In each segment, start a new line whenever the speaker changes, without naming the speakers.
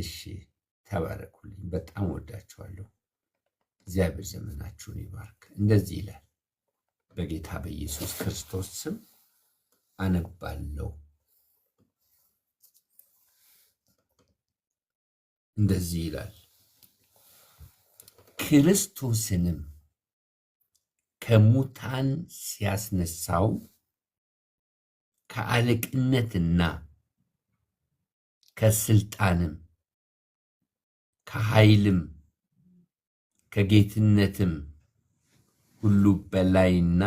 እሺ ተባረኩልኝ። በጣም ወዳችኋለሁ። እግዚአብሔር ዘመናችሁን ይባርክ። እንደዚህ ይላል፣ በጌታ በኢየሱስ ክርስቶስ ስም አነባለሁ። እንደዚህ ይላል፣ ክርስቶስንም ከሙታን ሲያስነሳው ከአለቅነትና ከስልጣንም ከኃይልም ከጌትነትም ሁሉ በላይና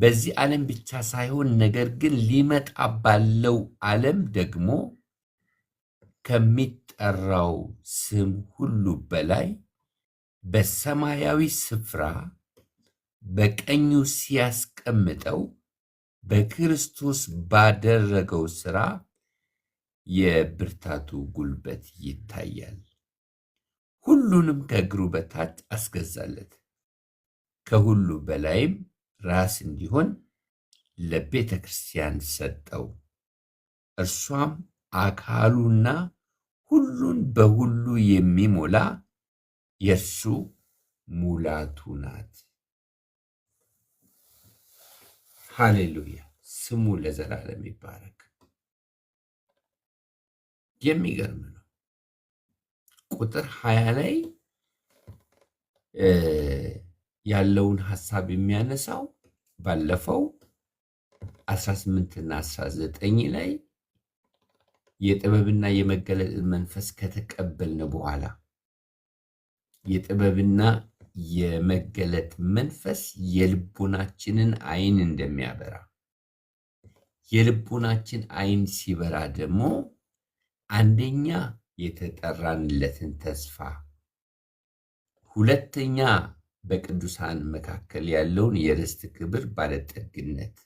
በዚህ ዓለም ብቻ ሳይሆን ነገር ግን ሊመጣ ባለው ዓለም ደግሞ ከሚጠራው ስም ሁሉ በላይ በሰማያዊ ስፍራ በቀኙ ሲያስቀምጠው በክርስቶስ ባደረገው ሥራ የብርታቱ ጉልበት ይታያል። ሁሉንም ከእግሩ በታች አስገዛለት፣ ከሁሉ በላይም ራስ እንዲሆን ለቤተ ክርስቲያን ሰጠው። እርሷም አካሉና ሁሉን በሁሉ የሚሞላ የእርሱ ሙላቱ ናት። ሃሌሉያ! ስሙ ለዘላለም ይባረክ። የሚገርም ነው። ቁጥር ሀያ ላይ ያለውን ሀሳብ የሚያነሳው ባለፈው አስራ ስምንትና አስራ ዘጠኝ ላይ የጥበብና የመገለጥ መንፈስ ከተቀበልን በኋላ የጥበብና የመገለጥ መንፈስ የልቡናችንን አይን እንደሚያበራ የልቡናችን አይን ሲበራ ደግሞ አንደኛ የተጠራንለትን ተስፋ፣ ሁለተኛ በቅዱሳን መካከል ያለውን የርስት ክብር ባለጠግነት፣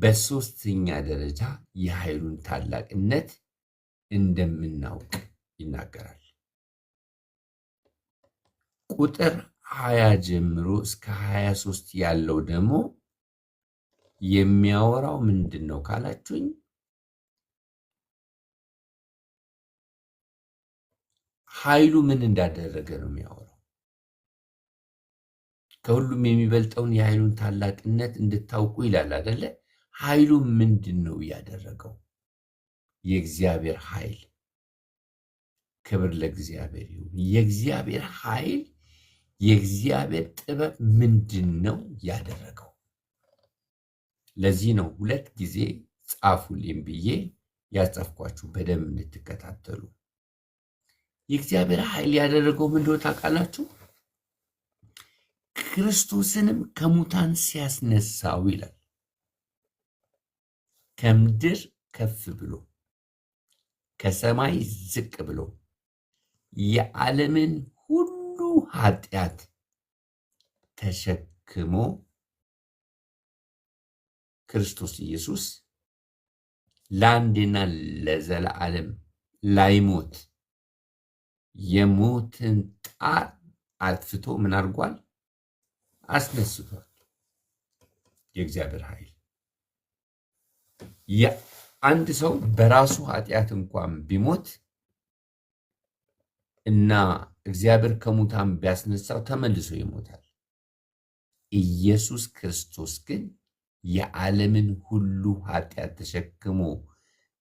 በሦስተኛ ደረጃ የኃይሉን ታላቅነት እንደምናውቅ ይናገራል። ቁጥር ሀያ ጀምሮ እስከ ሀያ ሦስት ያለው ደግሞ የሚያወራው ምንድን ነው ካላችሁኝ ኃይሉ ምን እንዳደረገ ነው የሚያወራው። ከሁሉም የሚበልጠውን የኃይሉን ታላቅነት እንድታውቁ ይላል አይደለ? ኃይሉ ምንድን ነው እያደረገው? የእግዚአብሔር ኃይል ክብር ለእግዚአብሔር ይሁን። የእግዚአብሔር ኃይል የእግዚአብሔር ጥበብ ምንድን ነው ያደረገው? ለዚህ ነው ሁለት ጊዜ ጻፉልኝ ብዬ ያጸፍኳችሁ በደንብ እንድትከታተሉ። የእግዚአብሔር ኃይል ያደረገው ምንድ ታውቃላችሁ? ክርስቶስንም ከሙታን ሲያስነሳው ይላል ከምድር ከፍ ብሎ ከሰማይ ዝቅ ብሎ የዓለምን ሁሉ ኃጢአት ተሸክሞ ክርስቶስ ኢየሱስ ለዘለ ለዘላለም ላይሞት የሞትን ጣር አጥፍቶ ምን አድርጓል? አስነስቷል። የእግዚአብሔር ኃይል አንድ ሰው በራሱ ኃጢአት እንኳን ቢሞት እና እግዚአብሔር ከሙታን ቢያስነሳው ተመልሶ ይሞታል። ኢየሱስ ክርስቶስ ግን የዓለምን ሁሉ ኃጢአት ተሸክሞ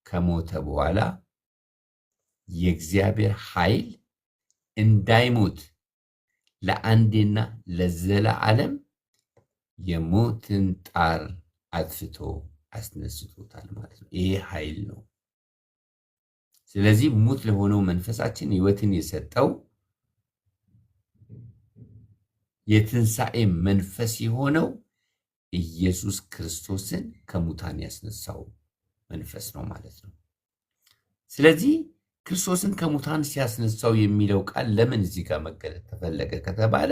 ከሞተ በኋላ የእግዚአብሔር ኃይል እንዳይሞት ለአንዴና ለዘለዓለም የሞትን ጣር አጥፍቶ አስነስቶታል ማለት ነው። ይሄ ኃይል ነው። ስለዚህ ሙት ለሆነው መንፈሳችን ህይወትን የሰጠው የትንሣኤ መንፈስ የሆነው ኢየሱስ ክርስቶስን ከሙታን ያስነሳው መንፈስ ነው ማለት ነው። ስለዚህ ክርስቶስን ከሙታን ሲያስነሳው የሚለው ቃል ለምን እዚህ ጋር መገለጥ ተፈለገ ከተባለ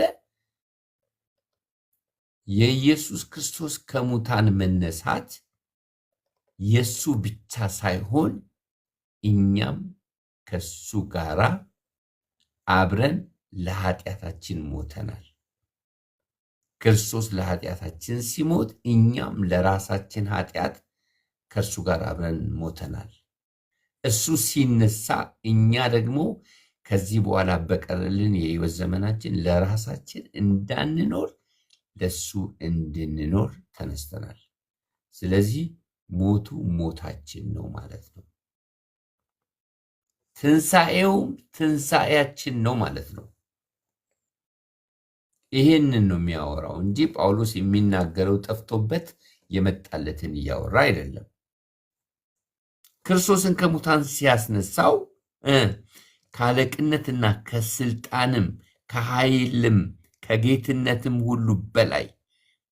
የኢየሱስ ክርስቶስ ከሙታን መነሳት የእሱ ብቻ ሳይሆን እኛም ከሱ ጋራ አብረን ለኃጢአታችን ሞተናል። ክርስቶስ ለኃጢአታችን ሲሞት እኛም ለራሳችን ኃጢአት ከእሱ ጋር አብረን ሞተናል። እሱ ሲነሳ እኛ ደግሞ ከዚህ በኋላ በቀረልን የህይወት ዘመናችን ለራሳችን እንዳንኖር ለሱ እንድንኖር ተነስተናል። ስለዚህ ሞቱ ሞታችን ነው ማለት ነው። ትንሣኤውም ትንሣኤያችን ነው ማለት ነው። ይሄንን ነው የሚያወራው እንጂ ጳውሎስ የሚናገረው ጠፍቶበት የመጣለትን እያወራ አይደለም። ክርስቶስን ከሙታን ሲያስነሳው ከአለቅነትና ከስልጣንም ከኃይልም ከጌትነትም ሁሉ በላይ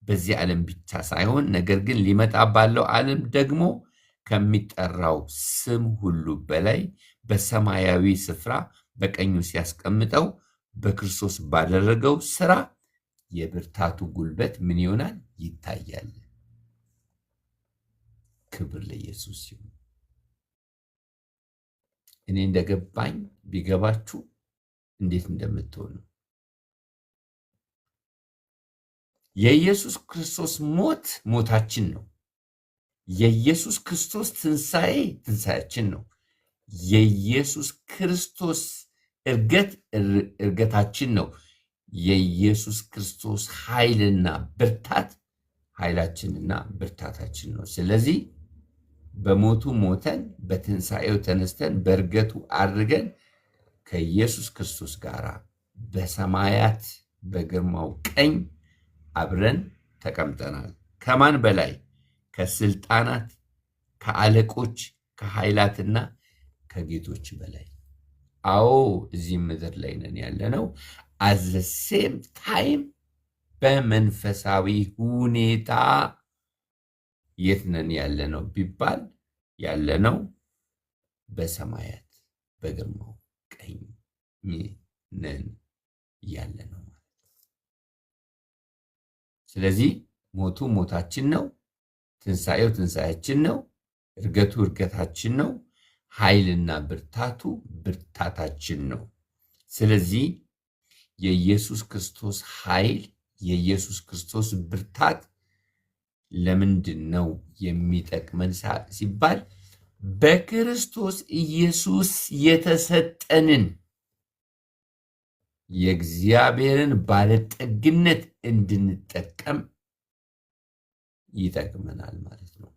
በዚህ ዓለም ብቻ ሳይሆን ነገር ግን ሊመጣ ባለው ዓለም ደግሞ ከሚጠራው ስም ሁሉ በላይ በሰማያዊ ስፍራ በቀኙ ሲያስቀምጠው በክርስቶስ ባደረገው ስራ የብርታቱ ጉልበት ምን ይሆናል? ይታያል። ክብር ለኢየሱስ ይሁን። እኔ እንደገባኝ ቢገባችሁ እንዴት እንደምትሆኑ የኢየሱስ ክርስቶስ ሞት ሞታችን ነው። የኢየሱስ ክርስቶስ ትንሣኤ ትንሣያችን ነው። የኢየሱስ ክርስቶስ እርገት እርገታችን ነው። የኢየሱስ ክርስቶስ ኃይልና ብርታት ኃይላችንና ብርታታችን ነው። ስለዚህ በሞቱ ሞተን በትንሣኤው ተነስተን በእርገቱ አድርገን ከኢየሱስ ክርስቶስ ጋር በሰማያት በግርማው ቀኝ አብረን ተቀምጠናል። ከማን በላይ? ከስልጣናት፣ ከአለቆች፣ ከኃይላትና ከጌቶች በላይ። አዎ እዚህ ምድር ላይ ነን ያለ ነው። አዘሴም ታይም በመንፈሳዊ ሁኔታ የት ነን ያለነው ቢባል ያለነው በሰማያት በግርማው ቀኝ ነን ያለነው ማለት ነው። ስለዚህ ሞቱ ሞታችን ነው፣ ትንሣኤው ትንሣያችን ነው፣ እርገቱ እርገታችን ነው፣ ኃይልና ብርታቱ ብርታታችን ነው። ስለዚህ የኢየሱስ ክርስቶስ ኃይል የኢየሱስ ክርስቶስ ብርታት ለምንድን ነው የሚጠቅመን ሲባል በክርስቶስ ኢየሱስ የተሰጠንን የእግዚአብሔርን ባለጠግነት እንድንጠቀም ይጠቅመናል ማለት ነው።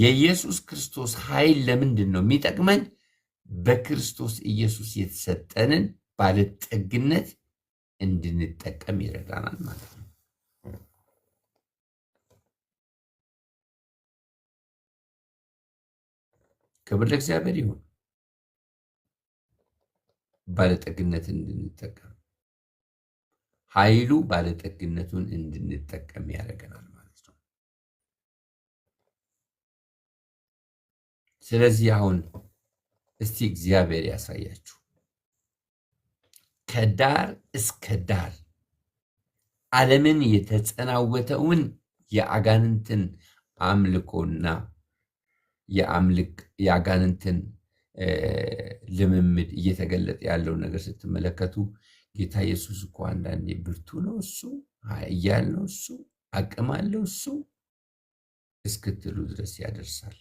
የኢየሱስ ክርስቶስ ኃይል ለምንድን ነው የሚጠቅመን? በክርስቶስ ኢየሱስ የተሰጠንን ባለጠግነት እንድንጠቀም ይረዳናል ማለት ነው። ክብር ለእግዚአብሔር ይሁን። ባለጠግነትን እንድንጠቀም ኃይሉ ባለጠግነቱን እንድንጠቀም ያደርገናል ማለት ነው። ስለዚህ አሁን እስቲ እግዚአብሔር ያሳያችሁ ከዳር እስከ ዳር ዓለምን የተጸናወተውን የአጋንንትን አምልኮና የአምልክ የአጋንንትን ልምምድ እየተገለጠ ያለው ነገር ስትመለከቱ ጌታ ኢየሱስ እኮ አንዳንዴ ብርቱ ነው እሱ ኃያል ነው እሱ አቅም አለው እሱ እስክትሉ ድረስ ያደርሳል።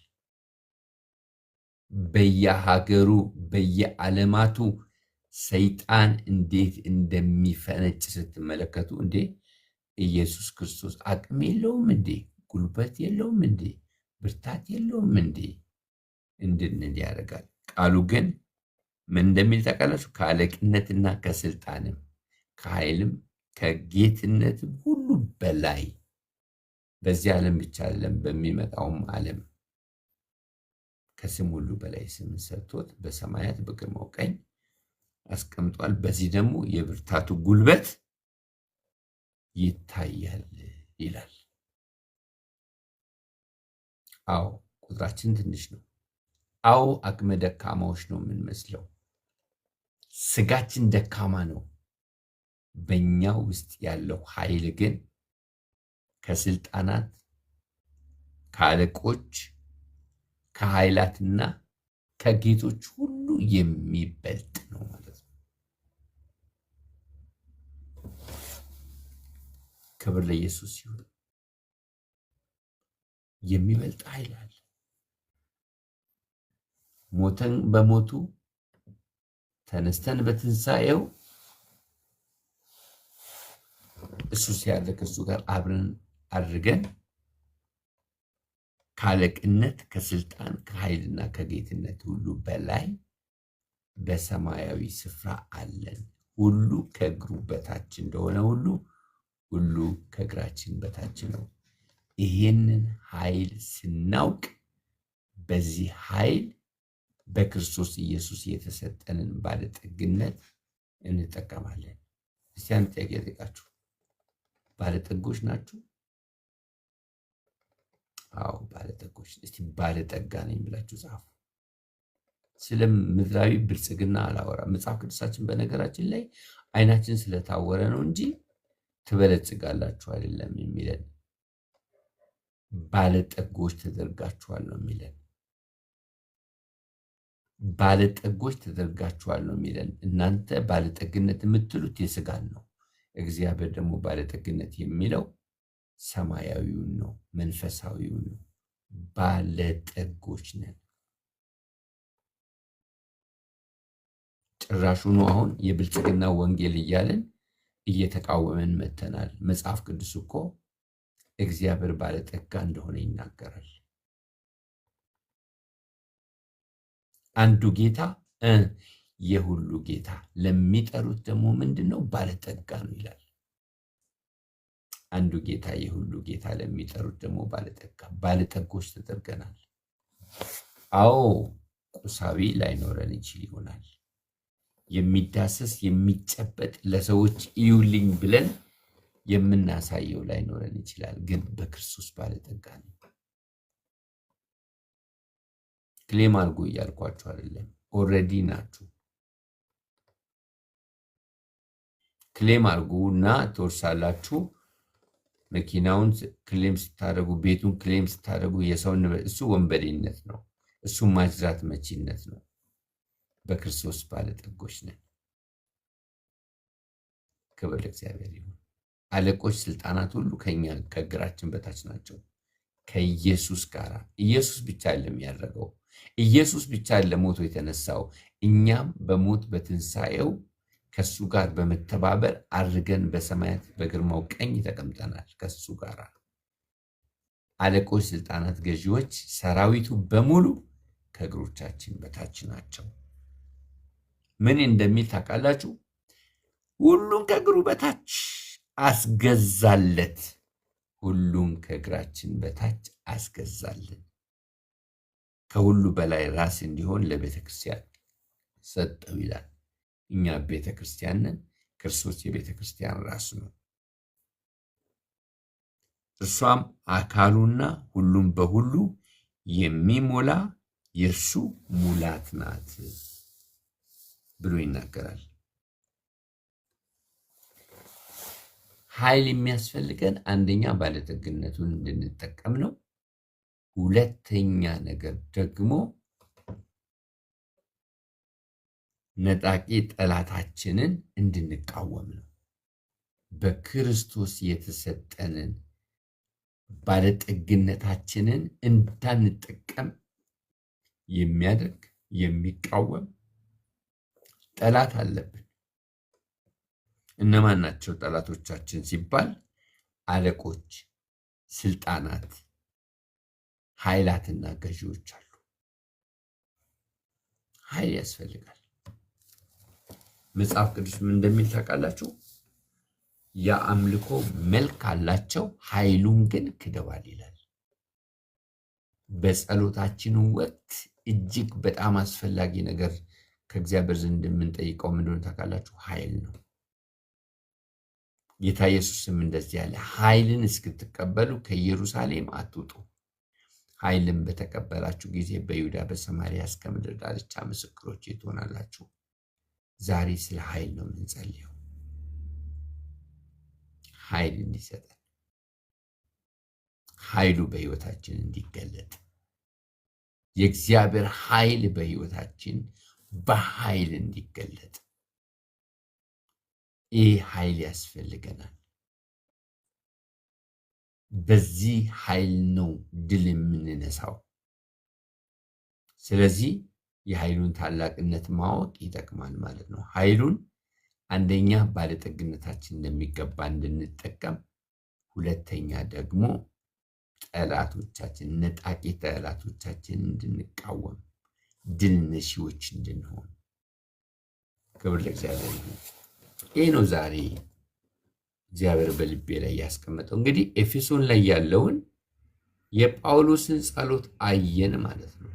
በየሀገሩ በየዓለማቱ ሰይጣን እንዴት እንደሚፈነጭ ስትመለከቱ እንዴ ኢየሱስ ክርስቶስ አቅም የለውም እንዴ ጉልበት የለውም እንዴ ብርታት የለውም እንዴ እንድንል ያደርጋል። ቃሉ ግን ምን እንደሚል ተቀለሱ ከአለቅነትና ከስልጣንም ከኃይልም ከጌትነትም ሁሉ በላይ በዚህ ዓለም ብቻ አይደለም በሚመጣውም ዓለም ከስም ሁሉ በላይ ስም ሰጥቶት በሰማያት በግርማው ቀኝ አስቀምጧል። በዚህ ደግሞ የብርታቱ ጉልበት ይታያል ይላል። አዎ ቁጥራችን ትንሽ ነው። አዎ አቅመ ደካማዎች ነው የምንመስለው። ስጋችን ደካማ ነው። በእኛ ውስጥ ያለው ኃይል ግን ከስልጣናት፣ ከአለቆች፣ ከኃይላትና ከጌቶች ሁሉ የሚበልጥ ነው ማለት ነው። ክብር ለኢየሱስ ይሁን። የሚበልጥ ኃይል አለ። ሞተን በሞቱ ተነስተን በትንሣኤው እሱ ሲያለ ከእሱ ጋር አብረን አድርገን ከአለቅነት ከስልጣን ከኃይልና ከጌትነት ሁሉ በላይ በሰማያዊ ስፍራ አለን። ሁሉ ከእግሩ በታች እንደሆነ ሁሉ ሁሉ ከእግራችን በታች ነው። ይህንን ኃይል ስናውቅ በዚህ ኃይል በክርስቶስ ኢየሱስ የተሰጠንን ባለጠግነት እንጠቀማለን። እስቲ ጥያቄ ጠይቃችሁ፣ ባለጠጎች ናችሁ? አዎ ባለጠጎች። እስቲ ባለጠጋ ነኝ ብላችሁ ጻፉ። ስለ ምድራዊ ብልጽግና አላወራም። መጽሐፍ ቅዱሳችን በነገራችን ላይ አይናችን ስለታወረ ነው እንጂ ትበለጽጋላችሁ አይደለም የሚለን ባለጠጎች ተደርጋችኋል ነው የሚለን። ባለጠጎች ተደርጋችኋል ነው የሚለን። እናንተ ባለጠግነት የምትሉት የስጋን ነው። እግዚአብሔር ደግሞ ባለጠግነት የሚለው ሰማያዊውን ነው፣ መንፈሳዊውን ነው። ባለጠጎች ነን። ጭራሹኑ አሁን የብልጽግና ወንጌል እያለን እየተቃወመን መተናል። መጽሐፍ ቅዱስ እኮ እግዚአብሔር ባለጠጋ እንደሆነ ይናገራል። አንዱ ጌታ የሁሉ ጌታ ለሚጠሩት ደግሞ ምንድን ነው? ባለጠጋ ነው ይላል። አንዱ ጌታ የሁሉ ጌታ ለሚጠሩት ደግሞ ባለጠጋ። ባለጠጎች ተጠርገናል። አዎ ቁሳዊ ላይኖረን ይችል ይሆናል። የሚዳሰስ የሚጨበጥ ለሰዎች እዩልኝ ብለን የምናሳየው ላይኖረን ይችላል፣ ግን በክርስቶስ ባለጠጋ ነው። ክሌም አድርጎ እያልኳችሁ አይደለም። ኦልሬዲ ናችሁ። ክሌም አድርጉ እና ትወርሳላችሁ። መኪናውን ክሌም ስታደርጉ፣ ቤቱን ክሌም ስታደርጉ የሰው እሱ ወንበዴነት ነው። እሱ ማጅራት መቺነት ነው። በክርስቶስ ባለጠጎች ነን። ክብር ለእግዚአብሔር ይሁን። አለቆች፣ ስልጣናት ሁሉ ከኛ ከእግራችን በታች ናቸው። ከኢየሱስ ጋር ኢየሱስ ብቻ ያደረገው፣ ኢየሱስ ብቻ ለሞቶ የተነሳው እኛም በሞት በትንሣኤው ከሱ ጋር በመተባበር አድርገን በሰማያት በግርማው ቀኝ ተቀምጠናል። ከሱ ጋር አለቆች፣ ስልጣናት፣ ገዢዎች፣ ሰራዊቱ በሙሉ ከእግሮቻችን በታች ናቸው። ምን እንደሚል ታውቃላችሁ? ሁሉም ከእግሩ በታች አስገዛለት። ሁሉም ከእግራችን በታች አስገዛለን። ከሁሉ በላይ ራስ እንዲሆን ለቤተ ክርስቲያን ሰጠው ይላል። እኛ ቤተ ክርስቲያንን፣ ክርስቶስ የቤተ ክርስቲያን ራስ ነው። እርሷም አካሉና ሁሉም በሁሉ የሚሞላ የእርሱ ሙላት ናት ብሎ ይናገራል። ኃይል የሚያስፈልገን አንደኛ ባለጠግነቱን እንድንጠቀም ነው። ሁለተኛ ነገር ደግሞ ነጣቂ ጠላታችንን እንድንቃወም ነው። በክርስቶስ የተሰጠንን ባለጠግነታችንን እንዳንጠቀም የሚያደርግ የሚቃወም ጠላት አለብን። እነማን ናቸው ጠላቶቻችን ሲባል አለቆች፣ ስልጣናት፣ ኃይላትና ገዢዎች አሉ። ኃይል ያስፈልጋል። መጽሐፍ ቅዱስ ምን እንደሚል ታውቃላችሁ? የአምልኮ መልክ አላቸው፣ ኃይሉን ግን ክደዋል ይላል። በጸሎታችን ወቅት እጅግ በጣም አስፈላጊ ነገር ከእግዚአብሔር ዘንድ የምንጠይቀው ምንደሆነ ታውቃላችሁ? ኃይል ነው። ጌታ ኢየሱስም እንደዚህ ያለ ኃይልን እስክትቀበሉ ከኢየሩሳሌም አትውጡ። ኃይልን በተቀበላችሁ ጊዜ በይሁዳ በሰማሪያ እስከ ምድር ዳርቻ ምስክሮች ትሆናላችሁ። ዛሬ ስለ ኃይል ነው የምንጸልየው። ኃይል እንዲሰጠን፣ ኃይሉ በህይወታችን እንዲገለጥ፣ የእግዚአብሔር ኃይል በህይወታችን በኃይል እንዲገለጥ ይህ ኃይል ያስፈልገናል። በዚህ ኃይል ነው ድል የምንነሳው። ስለዚህ የኃይሉን ታላቅነት ማወቅ ይጠቅማል ማለት ነው። ኃይሉን አንደኛ ባለጠግነታችን እንደሚገባ እንድንጠቀም፣ ሁለተኛ ደግሞ ጠላቶቻችን ነጣቂ ጠላቶቻችን እንድንቃወም ድል ነሺዎች እንድንሆን ክብር ለእግዚአብሔር። ይሄ ነው ዛሬ እግዚአብሔር በልቤ ላይ ያስቀመጠው። እንግዲህ ኤፌሶን ላይ ያለውን የጳውሎስን ጸሎት አየን ማለት ነው።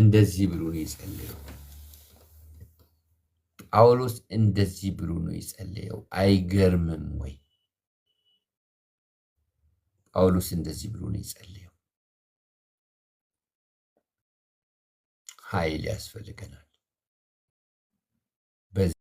እንደዚህ ብሎ ነው የጸለየው ጳውሎስ፣ እንደዚህ ብሎ ነው የጸለየው። አይገርምም ወይ? ጳውሎስ እንደዚህ ብሎ ነው የጸለየው። ኃይል ያስፈልገናል።